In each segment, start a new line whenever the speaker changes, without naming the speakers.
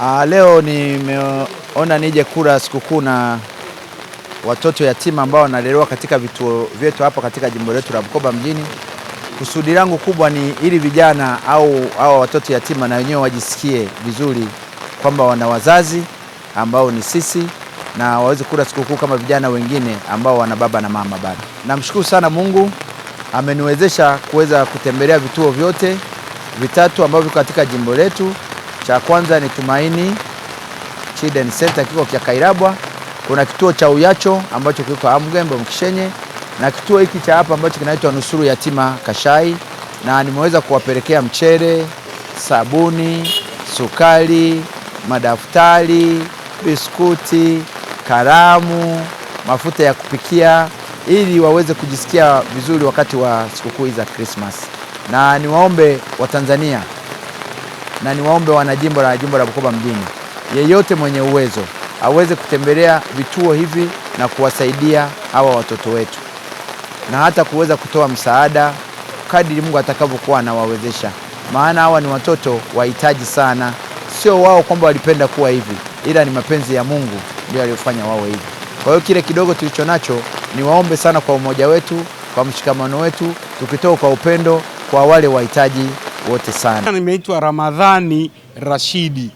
Aa, ah, leo nimeona nije kula sikukuu na watoto yatima ambao wanalelewa katika vituo vyetu hapa katika jimbo letu la Bukoba mjini. Kusudi langu kubwa ni ili vijana au hawa watoto yatima na wenyewe wajisikie vizuri kwamba wana wazazi ambao ni sisi na waweze kula sikukuu kama vijana wengine ambao wana baba na mama bado. Namshukuru sana Mungu ameniwezesha kuweza kutembelea vituo vyote vitatu ambavyo viko katika jimbo letu. Cha kwanza ni Tumaini Children Center kiko kya Kairabwa, kuna kituo cha Uyacho ambacho kiko Amgembo Mkishenye, na kituo hiki cha hapa ambacho kinaitwa Nusuru Yatima Kashai, na nimeweza kuwapelekea mchele, sabuni, sukari, madaftari, biskuti, kalamu, mafuta ya kupikia ili waweze kujisikia vizuri wakati wa sikukuu za krismas na niwaombe Watanzania na niwaombe wanajimbo la jimbo la Bukoba mjini, yeyote mwenye uwezo aweze kutembelea vituo hivi na kuwasaidia hawa watoto wetu na hata kuweza kutoa msaada kadiri Mungu atakavyokuwa anawawezesha, maana hawa ni watoto wahitaji sana. Sio wao kwamba walipenda kuwa hivi, ila ni mapenzi ya Mungu ndio aliyofanya wao hivi. Kwa hiyo kile kidogo tulicho nacho, niwaombe sana kwa umoja wetu, kwa mshikamano wetu, tukitoa kwa upendo kwa wale wahitaji wote sana.
Nimeitwa Ramadhani Rashidi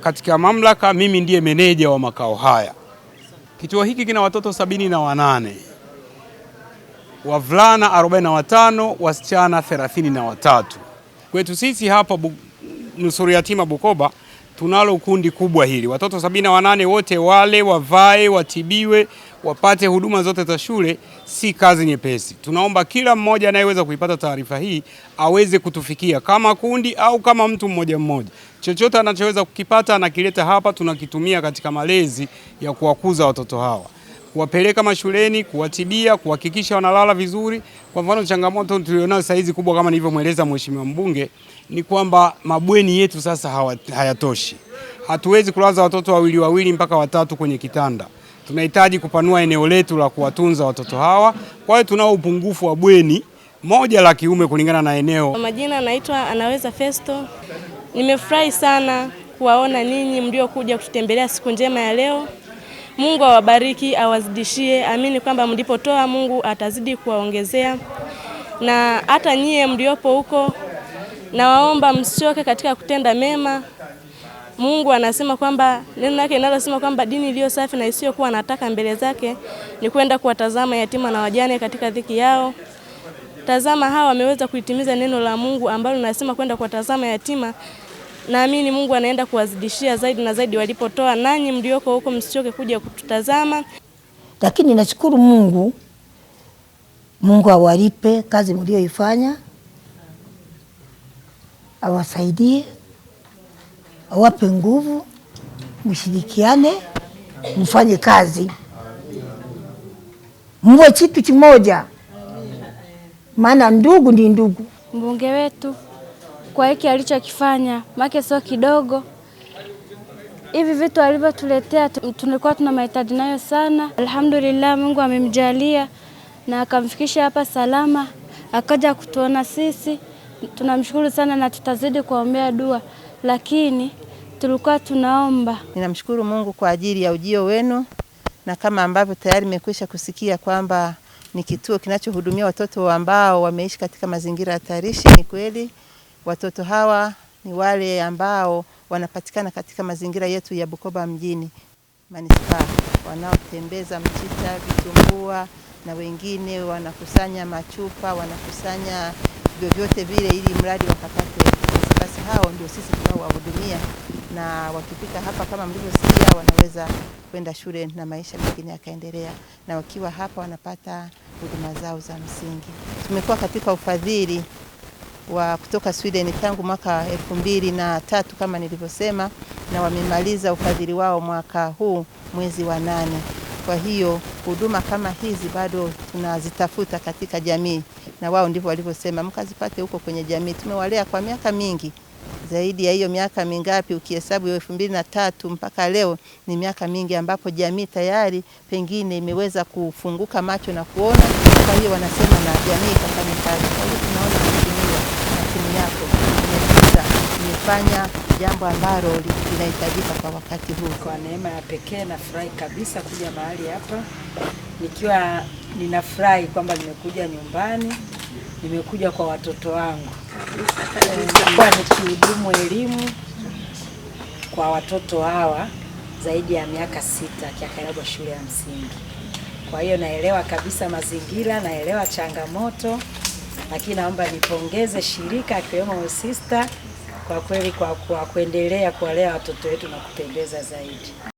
katika mamlaka, mimi ndiye meneja wa makao haya. Kituo hiki kina watoto sabini na wanane wavulana 45 wasichana 33. Kwetu sisi hapa bu, nusuru yatima Bukoba tunalo kundi kubwa hili, watoto 78 wote wale wavae, watibiwe wapate huduma zote za shule, si kazi nyepesi. Tunaomba kila mmoja anayeweza kuipata taarifa hii aweze kutufikia kama kundi au kama mtu mmoja mmoja. Chochote anachoweza kukipata anakileta hapa, tunakitumia katika malezi ya kuwakuza watoto hawa kuwapeleka mashuleni, kuwatibia, kuhakikisha wanalala vizuri. Kwa mfano, changamoto tulionayo sasa hizi kubwa, kama nilivyomweleza mheshimiwa mbunge, ni kwamba mabweni yetu sasa hayatoshi. Hatuwezi kulaza watoto wawili wawili mpaka watatu kwenye kitanda tunahitaji kupanua eneo letu la kuwatunza watoto hawa. Kwa hiyo tunao upungufu wa bweni moja la kiume kulingana na eneo.
Majina anaitwa Anaweza Festo. Nimefurahi sana kuwaona ninyi mliokuja kututembelea siku njema ya leo. Mungu awabariki, awazidishie. Amini kwamba mlipotoa Mungu atazidi kuwaongezea, na hata nyie mliopo huko, nawaomba msichoke katika kutenda mema. Mungu anasema kwamba neno lake linalosema kwamba dini iliyo safi na isiyokuwa na taka mbele zake ni kwenda kuwatazama yatima na wajane katika dhiki yao. Tazama, hawa wameweza kuitimiza neno la Mungu ambalo linasema kwenda kuwatazama yatima. Naamini Mungu anaenda kuwazidishia zaidi na zaidi walipotoa. Nanyi mlioko huko msichoke kuja kututazama.
Lakini nashukuru Mungu, Mungu awalipe kazi mlioifanya, awasaidie awape nguvu, mshirikiane, mfanye kazi, mwe kitu kimoja, maana ndugu ndi ndugu.
Mbunge wetu kwa hiki alichokifanya, make sio kidogo. Hivi vitu alivyotuletea, tulikuwa tuna mahitaji nayo sana. Alhamdulillah, Mungu amemjalia na akamfikisha hapa salama, akaja kutuona sisi. Tunamshukuru sana na tutazidi kuombea dua, lakini tulikuwa tunaomba.
Ninamshukuru Mungu kwa ajili ya ujio wenu, na kama ambavyo tayari mmekwisha kusikia kwamba ni kituo kinachohudumia watoto ambao wameishi katika mazingira hatarishi. Ni kweli watoto hawa ni wale ambao wanapatikana katika mazingira yetu ya Bukoba mjini manispaa, wanaotembeza mchicha, vitumbua na wengine wanakusanya machupa, wanakusanya vyovyote vile, ili mradi wakapate. Basi hao ndio sisi tunaowahudumia na wakifika hapa kama mlivyosikia, wanaweza kwenda shule na maisha mengine yakaendelea, na wakiwa hapa wanapata huduma zao za msingi. Tumekuwa katika ufadhili wa kutoka Sweden tangu mwaka elfu mbili na tatu kama nilivyosema, na wamemaliza ufadhili wao mwaka huu mwezi wa nane. Kwa hiyo huduma kama hizi bado tunazitafuta katika jamii, na wao ndivyo walivyosema, mkazipate huko kwenye jamii. Tumewalea kwa miaka mingi zaidi ya hiyo miaka mingapi, ukihesabu elfu mbili na tatu mpaka leo ni miaka mingi, ambapo jamii tayari pengine imeweza kufunguka macho na kuona. Kwa hiyo wanasema na jamii ikafanya kazi. Kwa hiyo tunaona mheshimiwa, na timu yako imefanya jambo ambalo linahitajika kwa wakati huu.
Kwa neema ya pekee nafurahi kabisa kuja mahali hapa, nikiwa ninafurahi kwamba nimekuja nyumbani, nimekuja kwa watoto wangu ni nikihudumu elimu kwa watoto hawa zaidi ya miaka sita Kyakalagwa shule ya msingi. Kwa hiyo naelewa kabisa mazingira, naelewa changamoto, lakini naomba nipongeze shirika akiwemo Wesista kwa kweli kwa, kwa kuendelea kuwalea watoto wetu na kupendeza zaidi.